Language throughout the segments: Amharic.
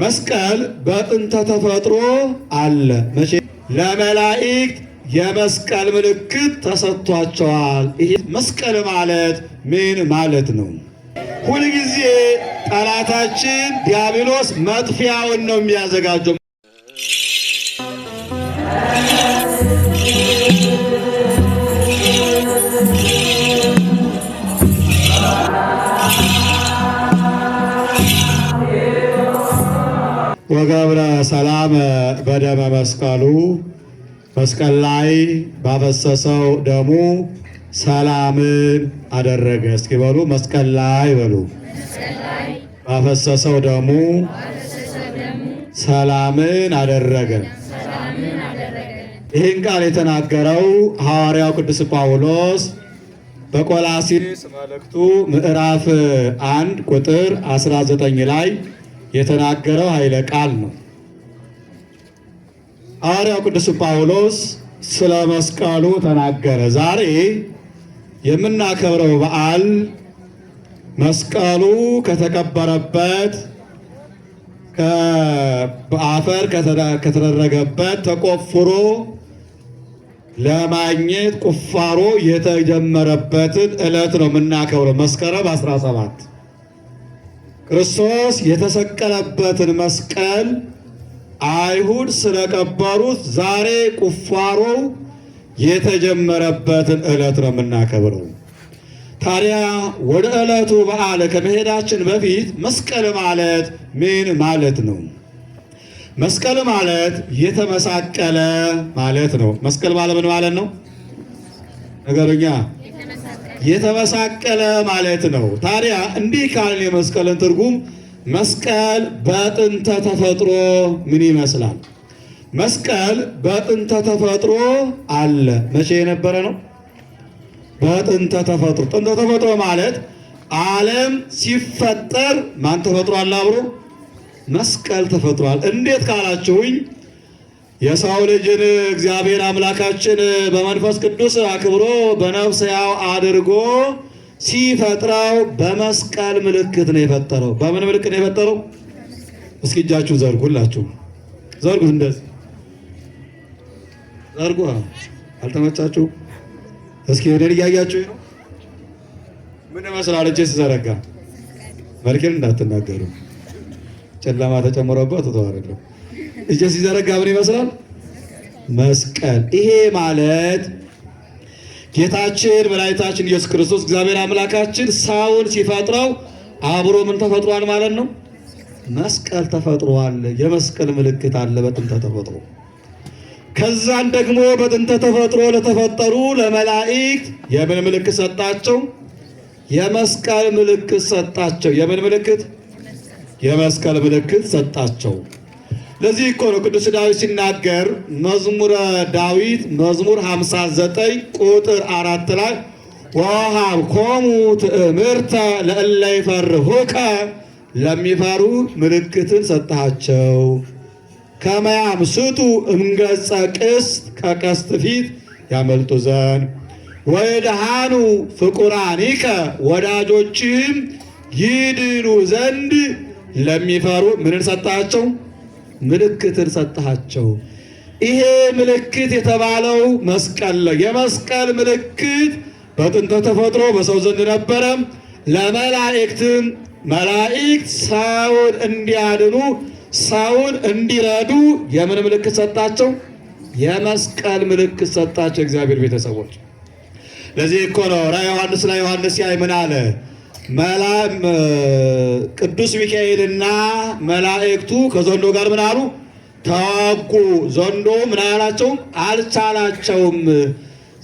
መስቀል በጥንተ ተፈጥሮ አለ። መቼ ለመላእክት የመስቀል ምልክት ተሰጥቷቸዋል። ይሄ መስቀል ማለት ምን ማለት ነው? ሁልጊዜ ጠላታችን ዲያብሎስ መጥፊያውን ነው የሚያዘጋጀው። ወገብረ ሰላም በደመ መስቀሉ መስቀል ላይ ባፈሰሰው ደሙ ሰላምን አደረገ። እስኪ በሉ መስቀል ላይ በሉ ባፈሰሰው ደሙ ሰላምን አደረገ። ይህን ቃል የተናገረው ሐዋርያው ቅዱስ ጳውሎስ በቆላሲስ መልእክቱ ምዕራፍ 1 ቁጥር 19 ላይ የተናገረው ኃይለ ቃል ነው። ሐዋርያው ቅዱስ ጳውሎስ ስለ መስቀሉ ተናገረ። ዛሬ የምናከብረው በዓል መስቀሉ ከተቀበረበት በአፈር ከተደረገበት ተቆፍሮ ለማግኘት ቁፋሮ የተጀመረበትን ዕለት ነው የምናከብረው መስከረም 17 ክርስቶስ የተሰቀለበትን መስቀል አይሁድ ስለቀበሩት ዛሬ ቁፋሮ የተጀመረበትን ዕለት ነው የምናከብረው። ታዲያ ወደ ዕለቱ በዓል ከመሄዳችን በፊት መስቀል ማለት ምን ማለት ነው? መስቀል ማለት የተመሳቀለ ማለት ነው። መስቀል ማለት ምን ማለት ነው? ነገርኛ የተመሳቀለ ማለት ነው። ታዲያ እንዲህ ካልን የመስቀልን ትርጉም መስቀል በጥንተ ተፈጥሮ ምን ይመስላል? መስቀል በጥንተ ተፈጥሮ አለ። መቼ የነበረ ነው? በጥንተ ተፈጥሮ። ጥንተ ተፈጥሮ ማለት ዓለም ሲፈጠር ማን ተፈጥሮ አለ አብሮ መስቀል ተፈጥሯል። እንዴት ካላችሁኝ የሰው ልጅን እግዚአብሔር አምላካችን በመንፈስ ቅዱስ አክብሮ በነፍስ ያው አድርጎ ሲፈጥረው በመስቀል ምልክት ነው የፈጠረው። በምን ምልክት ነው የፈጠረው? እስኪ እጃችሁ ዘርጉ፣ ሁላችሁ ዘርጉ። እንደዚህ ዘርጉ። አልተመቻችሁ? እስኪ እኔን እያያችሁ ምን መስላል? እጄ ሲዘረጋ መልኬን እንዳትናገሩ ጨለማ ተጨምሮበት ተተዋረለሁ እጀ ሲዘረጋ ምን ይመስላል? መስቀል። ይሄ ማለት ጌታችን መድኃኒታችን ኢየሱስ ክርስቶስ እግዚአብሔር አምላካችን ሰውን ሲፈጥረው አብሮ ምን ተፈጥሯል ማለት ነው? መስቀል ተፈጥሯል። የመስቀል ምልክት አለ በጥንተ ተፈጥሮ። ከዛን ደግሞ በጥንተ ተፈጥሮ ለተፈጠሩ ለመላእክት የምን ምልክት ሰጣቸው? የመስቀል ምልክት ሰጣቸው። የምን ምልክት? የመስቀል ምልክት ሰጣቸው። ለዚህ እኮ ነው ቅዱስ ዳዊት ሲናገር መዝሙረ ዳዊት መዝሙር 59 ቁጥር አራት ላይ ኮሙ ትዕምርተ ለእለ ይፈርሁከ ለሚፈሩ ምልክትን ሰጥሃቸው ከመ ያምስቱ እምገጸ ቅስት ከቀስት ፊት ያመልጡ ዘንድ ወይድሃኑ ፍቁራኒከ ወዳጆችህም ይድኑ ዘንድ ለሚፈሩ ምንን ሰጥሃቸው ምልክትን ሰጠሃቸው። ይሄ ምልክት የተባለው መስቀል ነው። የመስቀል ምልክት በጥንተ ተፈጥሮ በሰው ዘንድ ነበረም ለመላእክትም መላእክት ሰውን እንዲያድኑ ሰውን እንዲረዱ የምን ምልክት ሰጣቸው? የመስቀል ምልክት ሰጣቸው። እግዚአብሔር ቤተሰቦች ለዚህ እኮ ነው ራ ዮሐንስ ላይ ዮሐንስ ያይ ምን አለ ቅዱስ ሚካኤልና መላእክቱ ከዘንዶ ጋር ምን አሉ? ተዋጉ። ዘንዶ ምን አላቸውም? አልቻላቸውም።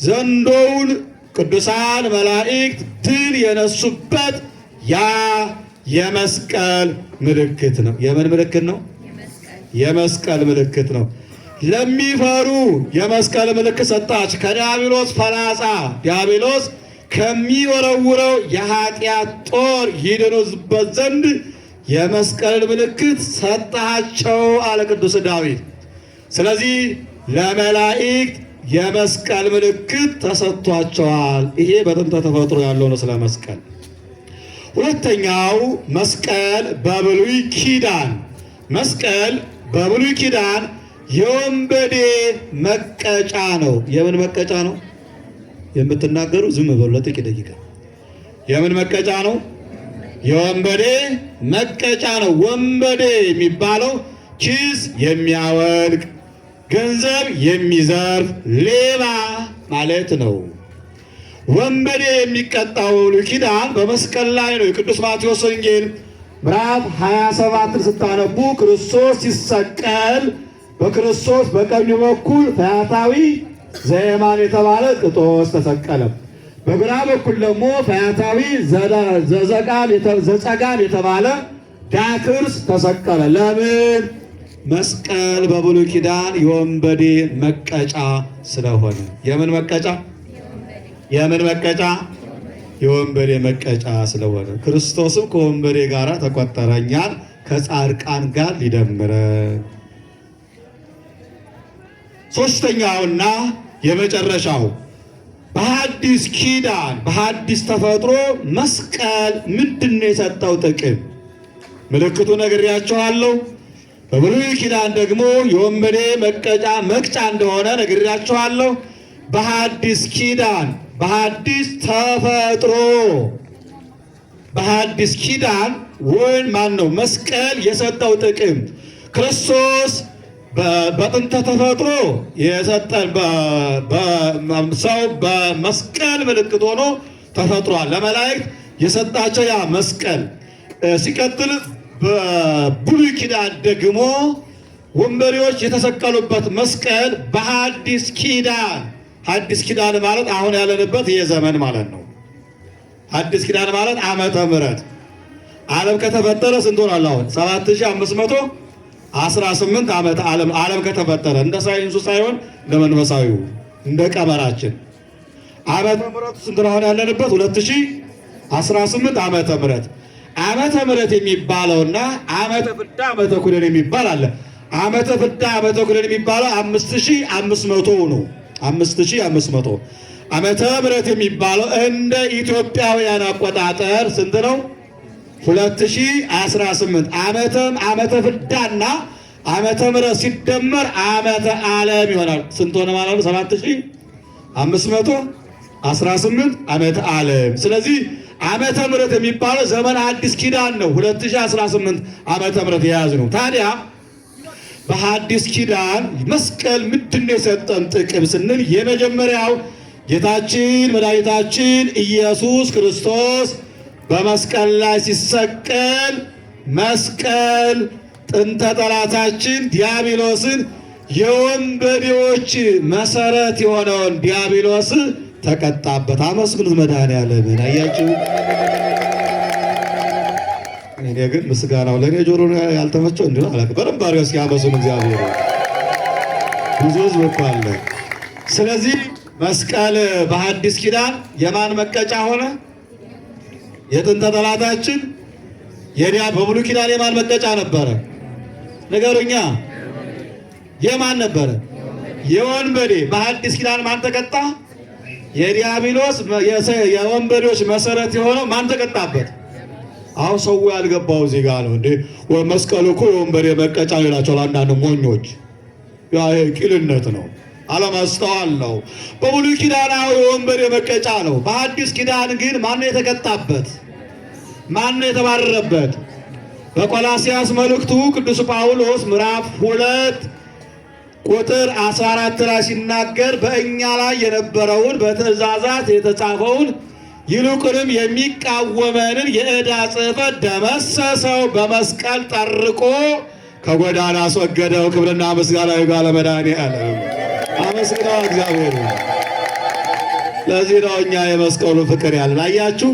ዘንዶውን ቅዱሳን መላእክት ድል የነሱበት ያ የመስቀል ምልክት ነው። የምን ምልክት ነው? የመስቀል ምልክት ነው። ለሚፈሩ የመስቀል ምልክት ሰጣች። ከዲያብሎስ ፈላጻ ዲያብሎስ ከሚወረውረው የኃጢአት ጦር ይድኑበት ዘንድ የመስቀልን ምልክት ሰጠሃቸው አለ ቅዱስ ዳዊት። ስለዚህ ለመላእክት የመስቀል ምልክት ተሰጥቷቸዋል። ይሄ በጥንተ ተፈጥሮ ያለው ነው። ስለ መስቀል ሁለተኛው መስቀል በብሉይ ኪዳን መስቀል በብሉይ ኪዳን የወንበዴ መቀጫ ነው። የምን መቀጫ ነው? የምትናገሩ ዝም በሉ ለጥቂት ደቂቃ። የምን መቀጫ ነው? የወንበዴ መቀጫ ነው። ወንበዴ የሚባለው ቺስ የሚያወልቅ ገንዘብ የሚዘርፍ ሌባ ማለት ነው። ወንበዴ የሚቀጣው ኪዳን በመስቀል ላይ ነው። የቅዱስ ማቴዎስ ወንጌል ምዕራፍ 27 ስታነቡ ክርስቶስ ሲሰቀል በክርስቶስ በቀኙ በኩል ፈያታዊ ዘየማን የተባለ ጥጦስ ተሰቀለ። በግራ በኩል ደግሞ ፈያታዊ ዘጸጋም የተባለ ዳክርስ ተሰቀለ። ለምን? መስቀል በብሉይ ኪዳን የወንበዴ መቀጫ ስለሆነ። የምን መቀጫ? የምን መቀጫ? የወንበዴ መቀጫ ስለሆነ ክርስቶስም ከወንበዴ ጋር ተቆጠረኛል ከጻድቃን ጋር ሊደምረ ሶስተኛውና የመጨረሻው በሐዲስ ኪዳን በሐዲስ ተፈጥሮ መስቀል ምንድን ነው የሰጠው ጥቅም? ምልክቱ ነግሬያችኋለሁ። በብሉይ ኪዳን ደግሞ የወንበዴ መቀጫ መቅጫ እንደሆነ ነግሬያችኋለሁ። በሐዲስ ኪዳን በሐዲስ ተፈጥሮ በሐዲስ ኪዳን ወይን ማን ነው መስቀል የሰጠው ጥቅም ክርስቶስ በጥንተ ተፈጥሮ የሰጠን ሰው በመስቀል ምልክት ሆኖ ተፈጥሯል። ለመላእክት የሰጣቸው ያ መስቀል ሲቀጥል በብሉይ ኪዳን ደግሞ ወንበዴዎች የተሰቀሉበት መስቀል በሐዲስ ኪዳን ሐዲስ ኪዳን ማለት አሁን ያለንበት ይህ ዘመን ማለት ነው። ሐዲስ ኪዳን ማለት ዓመተ ምሕረት ዓለም ከተፈጠረ ስንት ሆናል? አሁን ሰባት ሺህ አምስት መቶ አስራ ስምንት ዓመት ዓለም ዓለም ከተፈጠረ እንደ ሳይንሱ ሳይሆን እንደ መንፈሳዊው እንደ ቀመራችን ዓመተ ምሕረቱ ስንት ነው? አሁን ያለንበት ሁለት ሺህ አስራ ስምንት ዓመተ ምሕረት ዓመተ ምሕረት የሚባለውና ዓመተ ፍዳ ዓመተ ኩነኔ የሚባል አለ። ዓመተ ፍዳ ዓመተ ኩነኔ የሚባለው አምስት ሺህ አምስት መቶ ነው። አምስት ሺህ አምስት መቶ ዓመተ ምሕረት የሚባለው እንደ ኢትዮጵያውያን አቆጣጠር ስንት ነው? 2018 ዓመተም ዓመተ ፍዳና ዓመተ ምሕረት ሲደመር ዓመተ ዓለም ይሆናል። ስንት ሆነ ማለት ነው? 7518 ዓመተ ዓለም። ስለዚህ ዓመተ ምሕረት የሚባለው ዘመን አዲስ ኪዳን ነው። 2018 ዓመተ ምሕረት የያዝ ነው። ታዲያ በሐዲስ ኪዳን መስቀል ምንድነው የሰጠን ጥቅም ስንል የመጀመሪያው ጌታችን መድኃኒታችን ኢየሱስ ክርስቶስ በመስቀል ላይ ሲሰቀል መስቀል ጥንተ ጠላታችን ዲያብሎስን የወንበዴዎች መሰረት የሆነውን ዲያብሎስ ተቀጣበት። አመስግኑት መድኃኔዓለምን። አያችሁ፣ እኔ ግን ምስጋናው ለእኔ ጆሮ ያልተመቸው እንዲ አለ በደንብ አድርገው እስኪ አመስግኑ እግዚአብሔር። ብዙ ህዝብ እኮ አለ። ስለዚህ መስቀል በሐዲስ ኪዳን የማን መቀጫ ሆነ? የጥንተ ጠላታችን የዲያ በብሉይ ኪዳን የማን መቀጫ ነበረ? ነገሩኛ የማን ነበረ? የወንበዴ። በሐዲስ ኪዳን ማን ተቀጣ? የዲያብሎስ የወንበዴዎች መሰረት የሆነው ማን ተቀጣበት? አሁን ሰው ያልገባው እዚህ ጋር ነው እንዴ። መስቀል እኮ የወንበዴ መቀጫ ይላቸዋል አንዳንድ ሞኞች። ያ ቂልነት ነው። አለማስተዋል ነው። ኪዳን ኪዳናዊ ወንበር የመቀጫ ነው። በአዲስ ኪዳን ግን ማነው የተቀጣበት? ማነው የተባረረበት? በቆላሲያስ መልእክቱ ቅዱስ ጳውሎስ ምዕራፍ ሁለት ቁጥር 14 ላይ ሲናገር በእኛ ላይ የነበረውን በትእዛዛት የተጻፈውን ይልቁንም የሚቃወመንን የዕዳ ጽሕፈት ደመሰሰው፣ በመስቀል ጠርቆ ከጎዳና አስወገደው። ክብርና ምስጋና ይግባ ለመድኃኔዓለም። ምስጋ እግዚአብሔር ለዚህ ነው እኛ የመስቀሉ ፍቅር ያለን። አያችሁ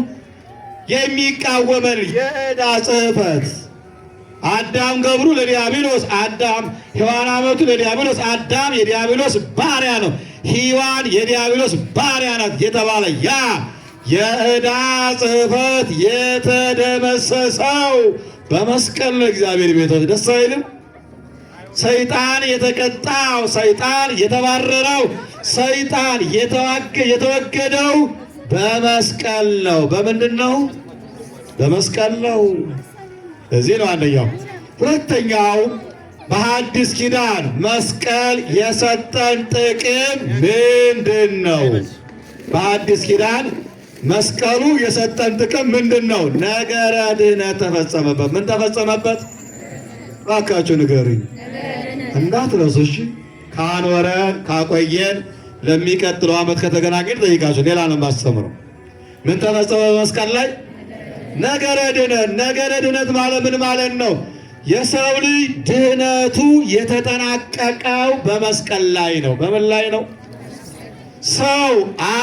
የሚቃወመን የዕዳ ጽሕፈት አዳም ገብሩ ለዲያብሎስ አዳም ሔዋን አመቱ ለዲያብሎስ አዳም የዲያብሎስ ባሪያ ነው፣ ሔዋን የዲያብሎስ ባሪያ ናት የተባለ ያ የዕዳ ጽሕፈት የተደመሰሰው በመስቀል ነው። እግዚአብሔር ቤቶች ደስ አይልም? ሰይጣን የተቀጣው፣ ሰይጣን የተባረረው፣ ሰይጣን የተወገደው በመስቀል ነው። በምንድን ነው? በመስቀል ነው። እዚህ ነው አንደኛው። ሁለተኛው በሐዲስ ኪዳን መስቀል የሰጠን ጥቅም ምንድን ነው? በሐዲስ ኪዳን መስቀሉ የሰጠን ጥቅም ምንድን ነው? ነገረ ድህነት ተፈጸመበት። ምን ተፈጸመበት? እባካችሁ ንገሩኝ። እንዳትረሱ እሺ። ካኖረ ካቆየን ለሚቀጥለው ዓመት ከተገናኘን ጠይቃችሁ ሌላ ነው የማስተምረው። ምን ተፈጸመ በመስቀል ላይ? ነገረ ድነት። ነገረ ድነት ማለት ምን ማለት ነው? የሰው ልጅ ድህነቱ የተጠናቀቀው በመስቀል ላይ ነው። በምን ላይ ነው? ሰው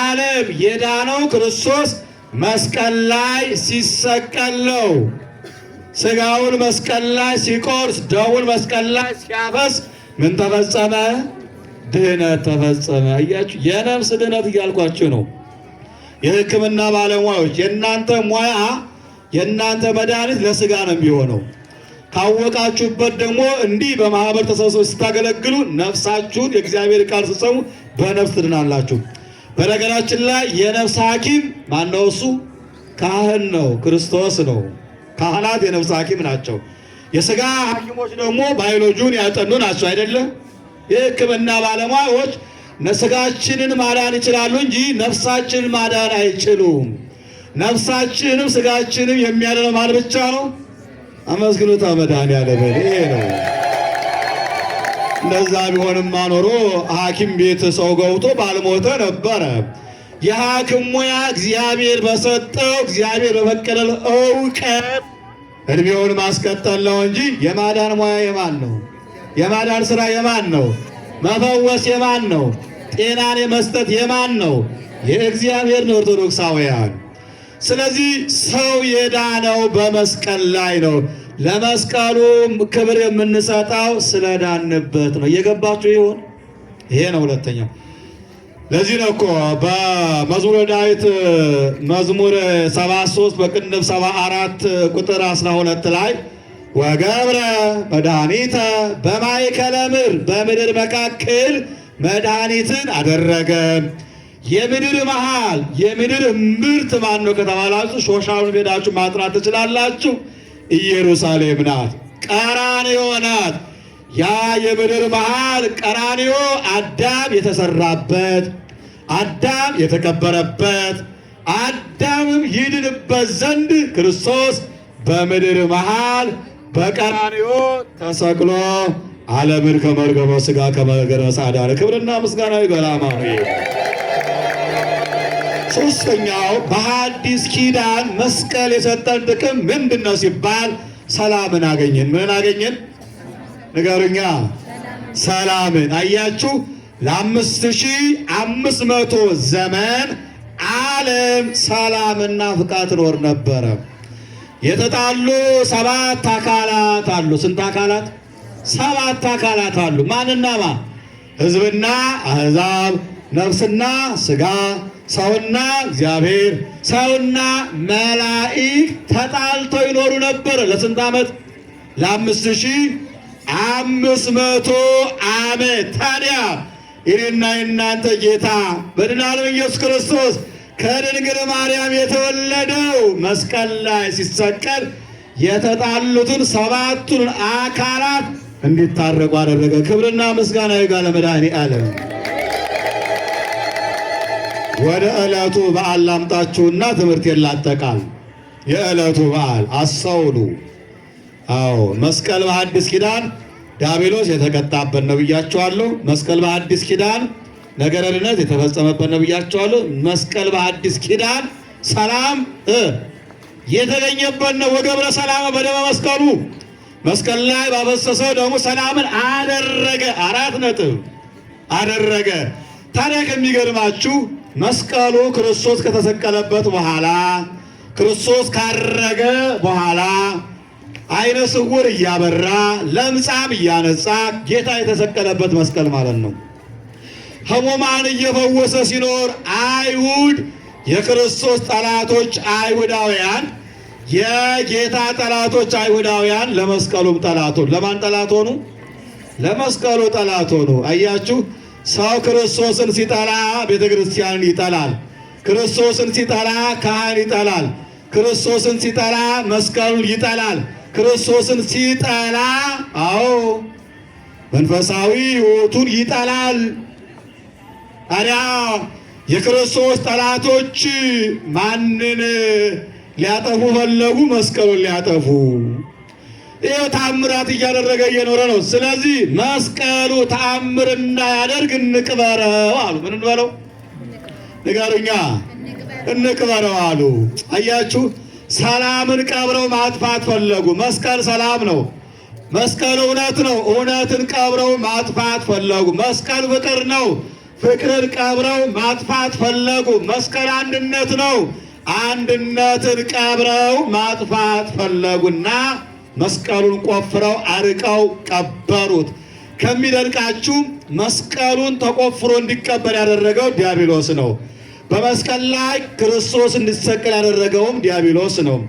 ዓለም የዳነው ክርስቶስ መስቀል ላይ ሲሰቀል ነው። ስጋውን መስቀል ላይ ሲቆርስ ደሙን መስቀል ላይ ሲያፈስ ምን ተፈጸመ? ድህነት ተፈጸመ። እያችሁ የነፍስ ድህነት እያልኳችሁ ነው። የሕክምና ባለሙያዎች የእናንተ ሙያ የእናንተ መድኃኒት ለስጋ ነው የሚሆነው። ካወቃችሁበት ደግሞ እንዲህ በማህበር ተሰብስበ ስታገለግሉ ነፍሳችሁን የእግዚአብሔር ቃል ስትሰሙ በነፍስ ትድናላችሁ። በነገራችን ላይ የነፍስ ሐኪም ማነው? እሱ ካህን ነው፣ ክርስቶስ ነው። ካህናት የነፍስ ሐኪም ናቸው። የስጋ ሐኪሞች ደግሞ ባዮሎጂውን ያጠኑ ናቸው አይደለም። የህክምና ባለሙያዎች ስጋችንን ማዳን ይችላሉ እንጂ ነፍሳችንን ማዳን አይችሉም። ነፍሳችንም ስጋችንም የሚያድነው ማን ብቻ ነው? አመስግኑታ መድኃኒዓለም ይሄ ነው። እንደዛ ቢሆንማ ኖሮ ሐኪም ቤት ሰው ገብቶ ባልሞተ ነበረ። የሐኪም ሙያ እግዚአብሔር በሰጠው እግዚአብሔር በፈቀደል እውቀት እድሜውን ማስቀጠል ነው እንጂ የማዳን ሙያ የማን ነው? የማዳን ስራ የማን ነው? መፈወስ የማን ነው? ጤናን የመስጠት የማን ነው? የእግዚአብሔር ነው። ኦርቶዶክሳውያን፣ ስለዚህ ሰው የዳነው በመስቀል ላይ ነው። ለመስቀሉ ክብር የምንሰጠው ስለዳንበት ነው። እየገባችሁ ይሆን? ይሄ ነው ሁለተኛው ለዚህ ነው እኮ በመዝሙረ ዳዊት መዝሙር 73 በቅንፍ 74 ቁጥር 12 ላይ ወገብረ መድኃኒተ በማእከለ ምድር በምድር መካከል መድኃኒትን አደረገ። የምድር መሃል የምድር ምርት ማን ነው ከተባላችሁ ሾሻውን ቤዳችሁ ማጥራት ትችላላችሁ። ኢየሩሳሌም ናት፣ ቀራንዮ ናት። ያ የምድር መሃል ቀራንዮ አዳም የተሰራበት አዳም የተቀበረበት አዳምም ይድንበት ዘንድ ክርስቶስ በምድር መሃል በቀራንዮ ተሰቅሎ ዓለምን ከመርገመ ሥጋ ከመገረሰ አዳነ። ክብርና ምስጋናዊ ገላማ ሶስተኛው በሐዲስ ኪዳን መስቀል የሰጠን ጥቅም ምንድን ነው ሲባል ሰላምን አገኘን። ምን አገኘን? ንገሩኛ ሰላምን አያችሁ። ለአምስት ሺህ አምስት መቶ ዘመን ዓለም ሰላምና ፍቃድ ትኖር ነበረ። የተጣሉ ሰባት አካላት አሉ። ስንት አካላት? ሰባት አካላት አሉ። ማንና ማን? ህዝብና አህዛብ፣ ነፍስና ስጋ ሰውና እግዚአብሔር፣ ሰውና መላእክ ተጣልተው ይኖሩ ነበረ። ለስንት ዓመት? ለአምስት ሺህ አምስት መቶ ዓመት ታዲያ ይህና የእናንተ ጌታ በድናሉ ኢየሱስ ክርስቶስ ከድንግል ማርያም የተወለደው መስቀል ላይ ሲሰቀል የተጣሉትን ሰባቱን አካላት እንዲታረቁ አደረገ። ክብርና ምስጋና ይጋ ለመድኃኔ ዓለም። ወደ ዕለቱ በዓል ላምጣችሁና ትምህርት የላጠቃል የዕለቱ በዓል አስተውሉ። አዎ መስቀል በአዲስ ኪዳን ዲያብሎስ የተቀጣበት ነው ብያቸዋለሁ። መስቀል በአዲስ ኪዳን ነገረ ድነት የተፈጸመበት ነው ብያቸዋለሁ። መስቀል በአዲስ ኪዳን ሰላም የተገኘበት ነው። ወገብረ ሰላም በደመ መስቀሉ መስቀል ላይ ባፈሰሰው ደግሞ ሰላምን አደረገ። አራት ነጥብ አደረገ። ታዲያ ከሚገርማችሁ መስቀሉ ክርስቶስ ከተሰቀለበት በኋላ ክርስቶስ ካረገ በኋላ አይነ ስውር እያበራ ለምጻም እያነጻ ጌታ የተሰቀለበት መስቀል ማለት ነው። ሕሙማን እየፈወሰ ሲኖር አይሁድ የክርስቶስ ጠላቶች አይሁዳውያን የጌታ ጠላቶች አይሁዳውያን ለመስቀሉም ጠላት ሆኑ። ለማን ጠላት ሆኑ? ለመስቀሉ ጠላት ሆኑ። አያችሁ፣ ሰው ክርስቶስን ሲጠላ ቤተ ክርስቲያንን ይጠላል። ክርስቶስን ሲጠላ ካህን ይጠላል። ክርስቶስን ሲጠላ መስቀሉን ይጠላል። ክርስቶስን ሲጠላ፣ አዎ መንፈሳዊ ሕይወቱን ይጠላል። ታዲያ የክርስቶስ ጠላቶች ማንን ሊያጠፉ ፈለጉ? መስቀሉን ሊያጠፉ። ይህ ተአምራት እያደረገ እየኖረ ነው። ስለዚህ መስቀሉ ተአምር እንዳያደርግ እንቅበረው አሉ። ምን እንበለው ንገሩኛ፣ እንቅበረው አሉ። አያችሁ ሰላምን ቀብረው ማጥፋት ፈለጉ። መስቀል ሰላም ነው። መስቀል እውነት ነው። እውነትን ቀብረው ማጥፋት ፈለጉ። መስቀል ፍቅር ነው። ፍቅርን ቀብረው ማጥፋት ፈለጉ። መስቀል አንድነት ነው። አንድነትን ቀብረው ማጥፋት ፈለጉና መስቀሉን ቆፍረው አርቀው ቀበሩት። ከሚደንቃችሁ መስቀሉን ተቆፍሮ እንዲቀበር ያደረገው ዲያብሎስ ነው። በመስቀል ላይ ክርስቶስ እንዲሰቀል ያደረገውም ዲያብሎስ ነው።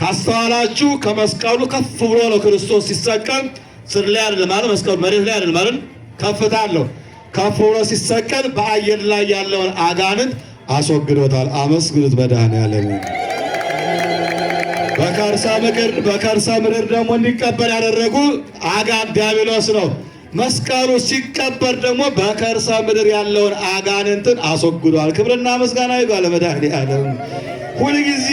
ካስተዋላችሁ ከመስቀሉ ከፍ ብሎ ነው ክርስቶስ ሲሰቀል፣ ስር ላይ አይደለም ማለት መስቀሉ መሬት ላይ አይደለም ማለት ከፍታ አለው። ከፍ ብሎ ሲሰቀል በአየር ላይ ያለውን አጋንንት አስወግዶታል። አመስግኑት መድኃኔዓለም። በከርሰ ምድር ደግሞ እንዲቀበል ያደረጉ አጋን ዲያብሎስ ነው። መስቀሉ ሲቀበር ደግሞ በከርሰ ምድር ያለውን አጋንንትን አስወግዷል። ክብርና ምስጋና ይጓል መድኃኒተ ዓለም። ሁልጊዜ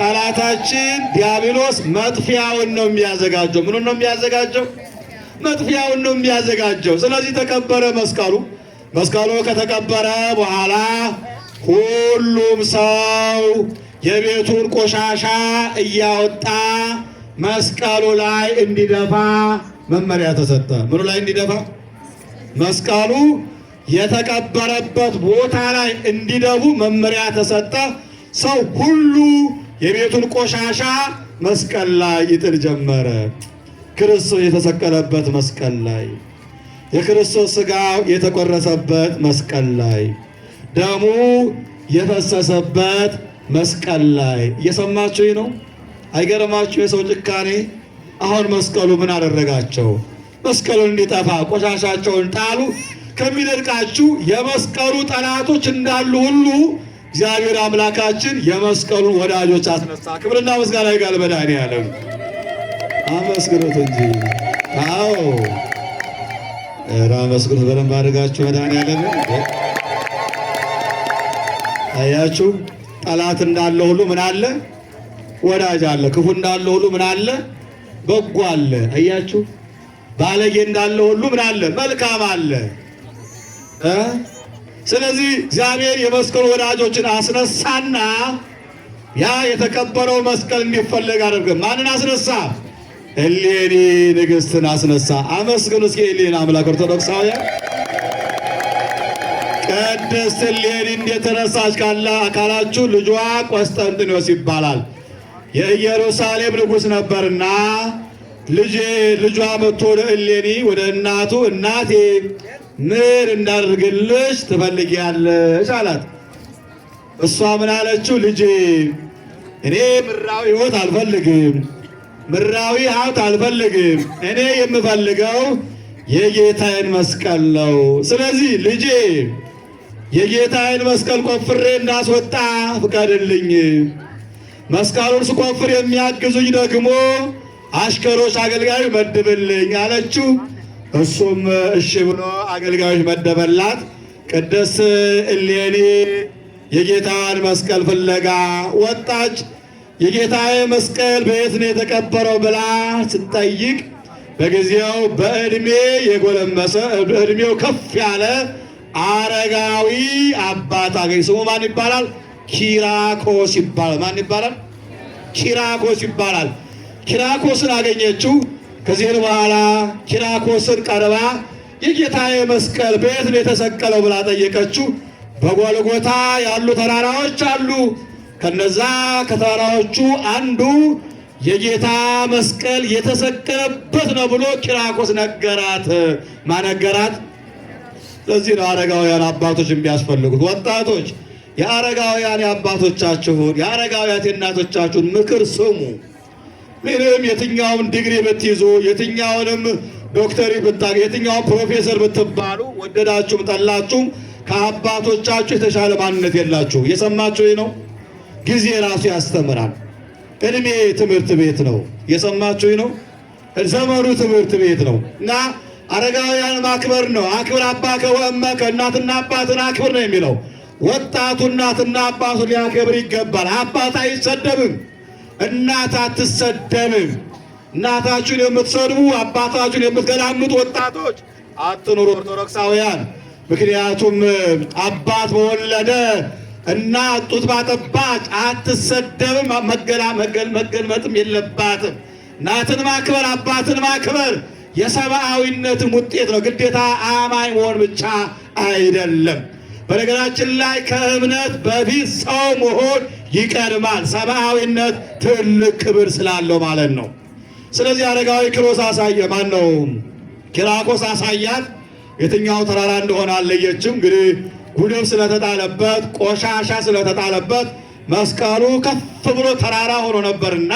ጠላታችን ዲያብሎስ መጥፊያውን ነው የሚያዘጋጀው። ምኑን ነው የሚያዘጋጀው? መጥፊያውን ነው የሚያዘጋጀው። ስለዚህ ተቀበረ መስቀሉ። መስቀሉ ከተቀበረ በኋላ ሁሉም ሰው የቤቱን ቆሻሻ እያወጣ መስቀሉ ላይ እንዲደፋ መመሪያ ተሰጠ። ምኑ ላይ እንዲደፋ? መስቀሉ የተቀበረበት ቦታ ላይ እንዲደፉ መመሪያ ተሰጠ። ሰው ሁሉ የቤቱን ቆሻሻ መስቀል ላይ ይጥል ጀመረ። ክርስቶስ የተሰቀለበት መስቀል ላይ፣ የክርስቶስ ሥጋ የተቆረሰበት መስቀል ላይ፣ ደሙ የፈሰሰበት መስቀል ላይ እየሰማችሁ ነው። አይገርማችሁ የሰው ጭካኔ አሁን መስቀሉ ምን አደረጋቸው? መስቀሉን እንዲጠፋ ቆሻሻቸውን ጣሉ። ከሚደርቃችሁ የመስቀሉ ጠላቶች እንዳሉ ሁሉ እግዚአብሔር አምላካችን የመስቀሉን ወዳጆች አስነሳ። ክብርና ምስጋና ይጋል መድኃኔዓለም አመስግኑት እንጂ አዎ፣ ኧረ በደንብ አድርጋችሁ መድኃኔዓለም። አያችሁ ጠላት እንዳለ ሁሉ ምን አለ? ወዳጅ አለ። ክፉ እንዳለ ሁሉ ምን አለ? በጎ አለ። አያችሁ፣ ባለጌ እንዳለ ሁሉ ምን አለ? መልካም አለ። ስለዚህ እግዚአብሔር የመስቀል ወዳጆችን አስነሳና ያ የተቀበረው መስቀል እንዲፈለግ አደረገ። ማንን አስነሳ? እሌኒ ንግስትን አስነሳ። አመስግኑ እስኪ እሌኒ አምላክ ኦርቶዶክሳውያን ቅድስት እሌኒ እንደተነሳች ካላ አካላችሁ ልጇ ቆስጠንጢኖስ ይባላል። የኢየሩሳሌም ንጉሥ ነበርና ልጄ ልጇ መጥቶ ለእሌኒ ወደ እናቱ እናቴ ምን እንዳድርግልሽ ትፈልጊያለሽ አላት። እሷ ምን አለችው? ልጄ እኔ ምድራዊ ሕይወት አልፈልግም፣ ምድራዊ ሀብት አልፈልግም። እኔ የምፈልገው የጌታዬን መስቀል ነው። ስለዚህ ልጄ የጌታዬን መስቀል ቆፍሬ እንዳስወጣ ፍቀድልኝ መስቀሉን ስቆፍር የሚያግዙኝ ደግሞ አሽከሮች አገልጋዮች መድብልኝ አለችው። እሱም እሺ ብሎ አገልጋዮች መደበላት። ቅድስ እሌኒ የጌታን መስቀል ፍለጋ ወጣች። የጌታዬ መስቀል በየት ነው የተቀበረው ብላ ስትጠይቅ በጊዜው በእድሜ የጎለመሰ እድሜው ከፍ ያለ አረጋዊ አባት አገኝ። ስሙ ማን ይባላል? ኪራኮስ ይባላል። ማን ይባላል? ኪራኮስ ይባላል። ኪራኮስን አገኘችው። ከዚህን በኋላ ኪራኮስን ቀርባ የጌታዬ መስቀል በየት ነው የተሰቀለው ብላ ጠየቀችው። በጎልጎታ ያሉ ተራራዎች አሉ። ከነዛ ከተራራዎቹ አንዱ የጌታ መስቀል የተሰቀለበት ነው ብሎ ኪራኮስ ነገራት። ማነገራት? ለዚህ ነው አረጋውያን አባቶች የሚያስፈልጉት ወጣቶች የአረጋውያን የአባቶቻችሁን የአረጋውያት የእናቶቻችሁን ምክር ስሙ። ምንም የትኛውን ዲግሪ ብትይዙ የትኛውንም ዶክተሪ ብታገ የትኛውን ፕሮፌሰር ብትባሉ ወደዳችሁም ጠላችሁም ከአባቶቻችሁ የተሻለ ማንነት የላችሁ። የሰማችሁ ነው። ጊዜ ራሱ ያስተምራል። እድሜ ትምህርት ቤት ነው። የሰማችሁ ነው። ዘመኑ ትምህርት ቤት ነው እና አረጋውያን ማክበር ነው። አክብር አባከ ወእመከ እናትና አባትን አክብር ነው የሚለው ወጣቱ እናትና አባቱ ሊያከብር ይገባል። አባት አይሰደብም፣ እናት አትሰደብም። እናታችሁን የምትሰድቡ አባታችሁን የምትገላምጡ ወጣቶች አትኑሩ ኦርቶዶክሳውያን። ምክንያቱም አባት በወለደ እና ጡት ባጠባች አትሰደብም፣ መገልመጥም የለባትም። እናትን ማክበር አባትን ማክበር የሰብአዊነትም ውጤት ነው። ግዴታ አማኝ መሆን ብቻ አይደለም። በነገራችን ላይ ከእምነት በፊት ሰው መሆን ይቀድማል። ሰብአዊነት ትልቅ ክብር ስላለው ማለት ነው። ስለዚህ አረጋዊ ኪሮስ አሳየ ማን ነው ኪራኮስ አሳያት። የትኛው ተራራ እንደሆነ አለየችም። እንግዲህ ጉድፍ ስለተጣለበት ቆሻሻ ስለተጣለበት መስቀሉ ከፍ ብሎ ተራራ ሆኖ ነበርና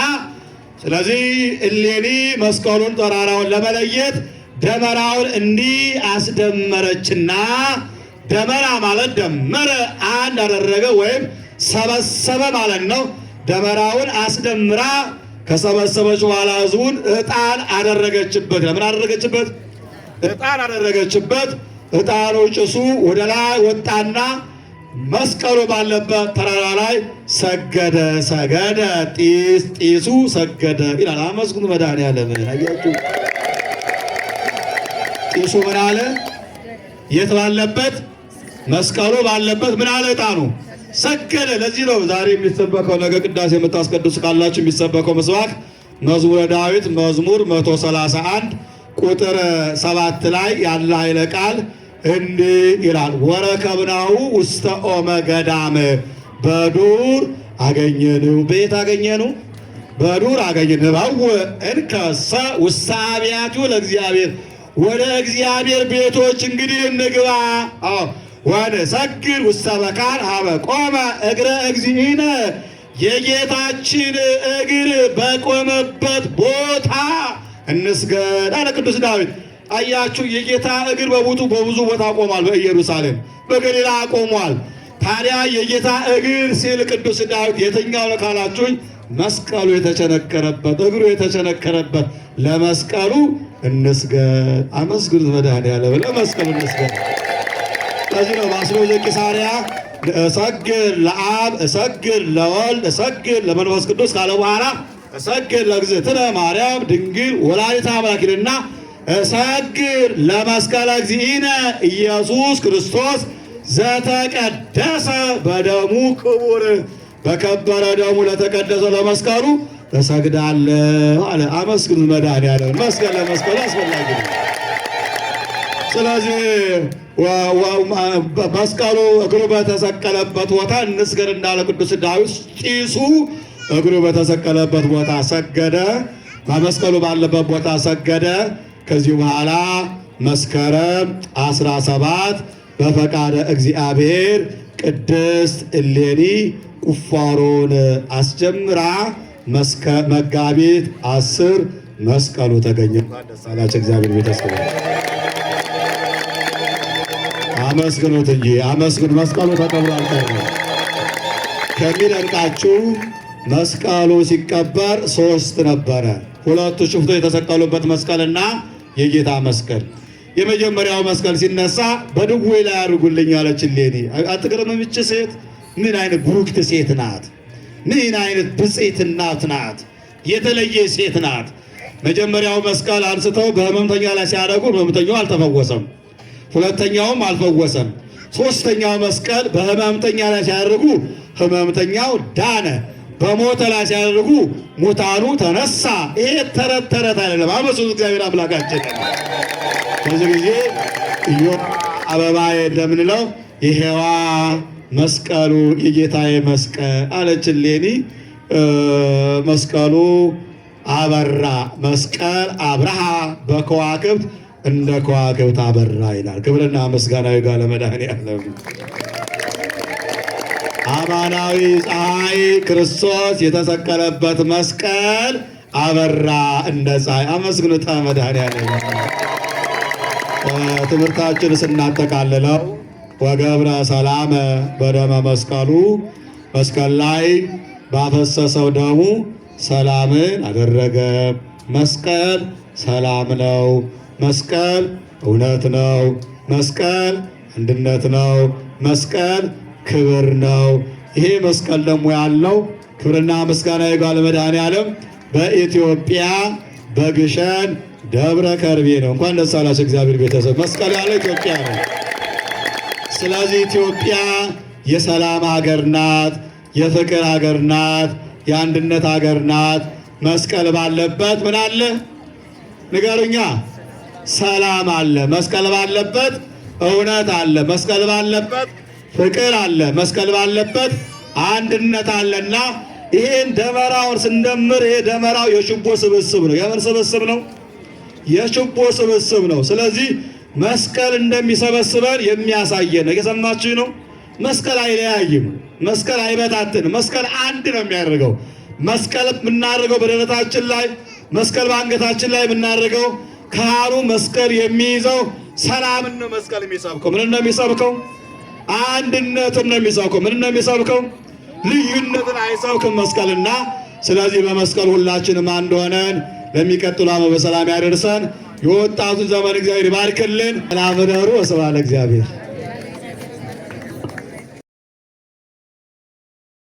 ስለዚህ እሌኒ መስቀሉን ተራራውን ለመለየት ደመራውን እንዲህ አስደመረችና ደመራ ማለት ደመረ አንድ አደረገ ወይም ሰበሰበ ማለት ነው። ደመራውን አስደምራ ከሰበሰበች በኋላ ሕዝቡን እጣን አደረገችበት። ለምን አደረገችበት? እጣን አደረገችበት። እጣኑ ጭሱ ወደ ላይ ወጣና መስቀሉ ባለበት ተራራ ላይ ሰገደ። ሰገደ ጢስ ጢሱ ሰገደ ይላል። አመስግኑ መድኃኒዓለም። አያችሁ ጢሱ ምን አለ? የት ባለበት መስቀሉ ባለበት ምን አለ ዕጣኑ ሰገደ። ለዚህ ነው ዛሬ የሚሰበከው ነገ ቅዳሴ የምታስቀድሱ ካላችሁ የሚሰበከው ምስባክ መዝሙረ ዳዊት መዝሙር 131 ቁጥር 7 ላይ ያለ ኃይለ ቃል እንዲህ ይላል፣ ወረከብናሁ ውስተ ኦመ ገዳም በዱር አገኘንው ቤት አገኘኑ በዱር አገኘንው እንከሰ ውስተ አብያቱ ለእግዚአብሔር ወደ እግዚአብሔር ቤቶች እንግዲህ እንግባ ሰግር ውሳበ ቃል ሀበ ቆመ እግረ እግዚእነ የጌታችን እግር በቆመበት ቦታ እንስገድ አለ ቅዱስ ዳዊት። አያችሁ የጌታ እግር በቡጡ በብዙ ቦታ ቆሟል። በኢየሩሳሌም በገሊላ ቆሟል። ታዲያ የጌታ እግር ሲል ቅዱስ ዳዊት የትኛው ነው መስቀሉ የተቸነከረበት እግሩ የተቸነከረበት ለመስቀሉ እንስገድ። አመስግኑት መድኃኔዓለም ለመስቀሉ እንስገድ። ከዚህ ነው በአስሎ ዘቂሳርያ እሰግድ ለአብ እሰግድ ለወልድ እሰግድ ለመንፈስ ቅዱስ ካለ በኋላ እሰግድ ለእግዝእትነ ማርያም ድንግል ወላዲተ አምላክ ይልና እሰግድ ለመስቀለ እግዚእነ ኢየሱስ ክርስቶስ ዘተቀደሰ በደሙ ክቡር በከበረ ደሙ ለተቀደሰ ለመስቀሉ እሰግዳለሁ አለ። አመስግኑ መድኃኔዓለም። መስቀል ለመስቀሉ አስፈላጊ ነው። ስለዚህ መስቀሉ እግሩ በተሰቀለበት ቦታ እንስገድ እንዳለ ቅዱስ ዳዊት ጢሱ እግሩ በተሰቀለበት ቦታ ሰገደ፣ በመስቀሉ ባለበት ቦታ ሰገደ። ከዚህ በኋላ መስከረም 17 በፈቃደ እግዚአብሔር ቅድስት እሌኒ ቁፋሮን አስጀምራ መጋቢት አስር መስቀሉ ተገኘ። ደሳላቸው እግዚአብሔር ቤተሰብ አመስግኑት እንጂ አመስግኑ። መስቀሉ ተቀብሎ አልቀረ ከሚደንቃችሁ መስቀሉ ሲቀበር ሶስት ነበረ። ሁለቱ ሽፍቶ የተሰቀሉበት መስቀልና የጌታ መስቀል። የመጀመሪያው መስቀል ሲነሳ በድዌ ላይ አድርጉልኝ አለች እሌኒ። አትገርምም? ይህች ሴት ምን አይነት ብሩክት ሴት ናት! ምን አይነት ብፅዕት እናት ናት! የተለየ ሴት ናት። መጀመሪያው መስቀል አንስተው በህመምተኛ ላይ ሲያደርጉ ህመምተኛው አልተፈወሰም። ሁለተኛውም አልፈወሰም። ሶስተኛው መስቀል በህመምተኛ ላይ ሲያደርጉ ህመምተኛው ዳነ፣ በሞተ ላይ ሲያደርጉ ሙታኑ ተነሳ። ይሄ ተረት ተረት አይደለም። አመሱ እግዚአብሔር አምላካችን። ብዙ ጊዜ እዮ አበባ እንደምንለው ይሄዋ መስቀሉ የጌታዬ መስቀል አለችን ሌኒ። መስቀሉ አበራ መስቀል አብርሃ በከዋክብት እንደ ከዋክብት አበራ ይላል። ክብርና ምስጋናዊ ጋር ለመድኃኔዓለም አማናዊ ፀሐይ ክርስቶስ የተሰቀለበት መስቀል አበራ እንደ ፀሐይ። አመስግኑታ መድኃኔዓለም። ትምህርታችን ስናጠቃልለው ወገብረ ሰላመ በደመ መስቀሉ መስቀል ላይ ባፈሰሰው ደሙ ሰላምን አደረገ። መስቀል ሰላም ነው። መስቀል እውነት ነው። መስቀል አንድነት ነው። መስቀል ክብር ነው። ይሄ መስቀል ደግሞ ያለው ክብርና ምስጋና ይግባል መድኃኔዓለም በኢትዮጵያ በግሸን ደብረ ከርቤ ነው። እንኳን ደስ አላችሁ እግዚአብሔር ቤተሰብ። መስቀል ያለው ኢትዮጵያ ነው። ስለዚህ ኢትዮጵያ የሰላም ሀገር ናት፣ የፍቅር ሀገር ናት፣ የአንድነት ሀገር ናት። መስቀል ባለበት ምን አለ ንገሩኛ? ሰላም አለ። መስቀል ባለበት እውነት አለ። መስቀል ባለበት ፍቅር አለ። መስቀል ባለበት አንድነት አለና ይህን ደመራውን ስንደምር ይሄ ደመራው የችቦ ስብስብ ነው። የምን ስብስብ ነው? የችቦ ስብስብ ነው። ስለዚህ መስቀል እንደሚሰበስበን የሚያሳየን ነው። የሰማችሁ ነው። መስቀል አይለያይም። መስቀል አይበታትን። መስቀል አንድ ነው የሚያደርገው መስቀል የምናደርገው በደረታችን ላይ መስቀል በአንገታችን ላይ የምናደርገው ካህኑ መስቀል የሚይዘው ሰላምን ነው። መስቀል የሚሰብከው ምን ነው የሚሰብከው? አንድነትን ነው የሚሰብከው። ምን ነው የሚሰብከው? ልዩነትን አይሰብክም መስቀልና። ስለዚህ በመስቀል ሁላችንም አንድ ሆነን ለሚቀጥሉ ዓመት በሰላም ያደርሰን። የወጣቱን ዘመን እግዚአብሔር ይባርክልን። ላምረሩ ወስብሐት ለእግዚአብሔር።